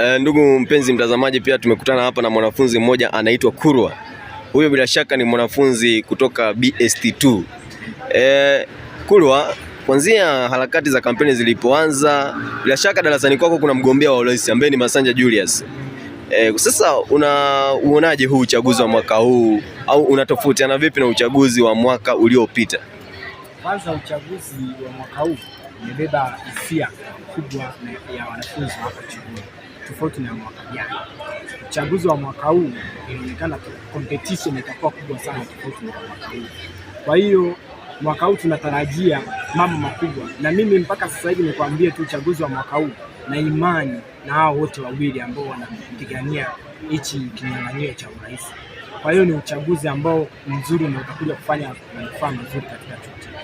Eh, ndugu mpenzi mtazamaji, pia tumekutana hapa na mwanafunzi mmoja anaitwa Kurwa. Huyo bila shaka ni mwanafunzi kutoka BST2. E, eh, Kurwa, kuanzia harakati za kampeni zilipoanza, bila shaka darasani kwako kuna mgombea wa urais ambaye ni Masanja Julius. E, sasa unauonaje huu uchaguzi wa mwaka huu au unatofautiana vipi na uchaguzi wa mwaka uliopita? Kwanza uchaguzi wa mwaka huu umebeba hisia kubwa ya wanafunzi hapa chuoni tofauti na mwaka jana. Uchaguzi wa mwaka huu inaonekana competition itakuwa kubwa sana tofauti na mwaka huu. Kwa hiyo mwaka huu tunatarajia mambo makubwa, na mimi mpaka sasa hivi nikwambie tu uchaguzi wa mwaka huu na imani na hao wote wawili ambao wanapigania hichi kinyang'anyio cha urais. Kwa hiyo ni uchaguzi ambao mzuri na utakuja kufanya manufaa mazuri katika chuo.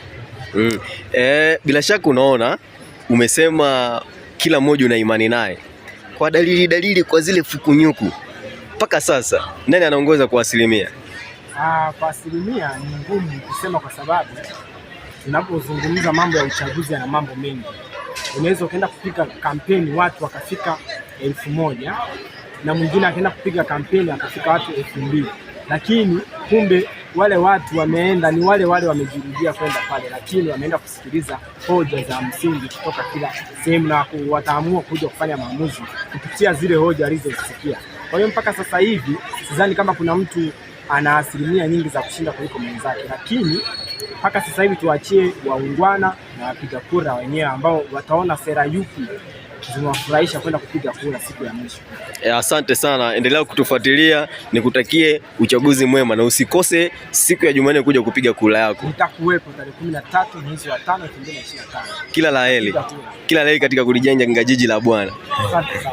Mm. Eh, bila shaka unaona umesema kila mmoja una imani naye kwa dalili dalili, kwa zile fukunyuku mpaka sasa, nani anaongoza kwa asilimia? Ah, kwa asilimia ni ngumu kusema, kwa sababu tunapozungumza mambo ya uchaguzi na mambo mengi, unaweza ukaenda kupiga kampeni watu wakafika elfu moja na mwingine akaenda kupiga kampeni akafika watu elfu mbili lakini kumbe wale watu wameenda ni wale wale wamejirudia kwenda pale, lakini wameenda kusikiliza hoja za msingi kutoka kila sehemu, na wataamua kuja kufanya maamuzi kupitia zile hoja alizozisikia. Kwa hiyo mpaka sasa hivi sidhani kama kuna mtu ana asilimia nyingi za kushinda kuliko mwenzake, lakini mpaka sasa hivi tuachie waungwana na wapiga kura wenyewe ambao wataona sera yupi zimewafurahisha kwenda kupiga kura siku ya mwisho. Eh, asante sana, endelea kutufuatilia, nikutakie uchaguzi mwema na usikose siku ya Jumanne kuja kupiga kura yako. Nitakuwepo tarehe 13 mwezi wa 5 2025. Kila la heri, kila la heri katika kulijenga jiji la Bwana. Asante sana.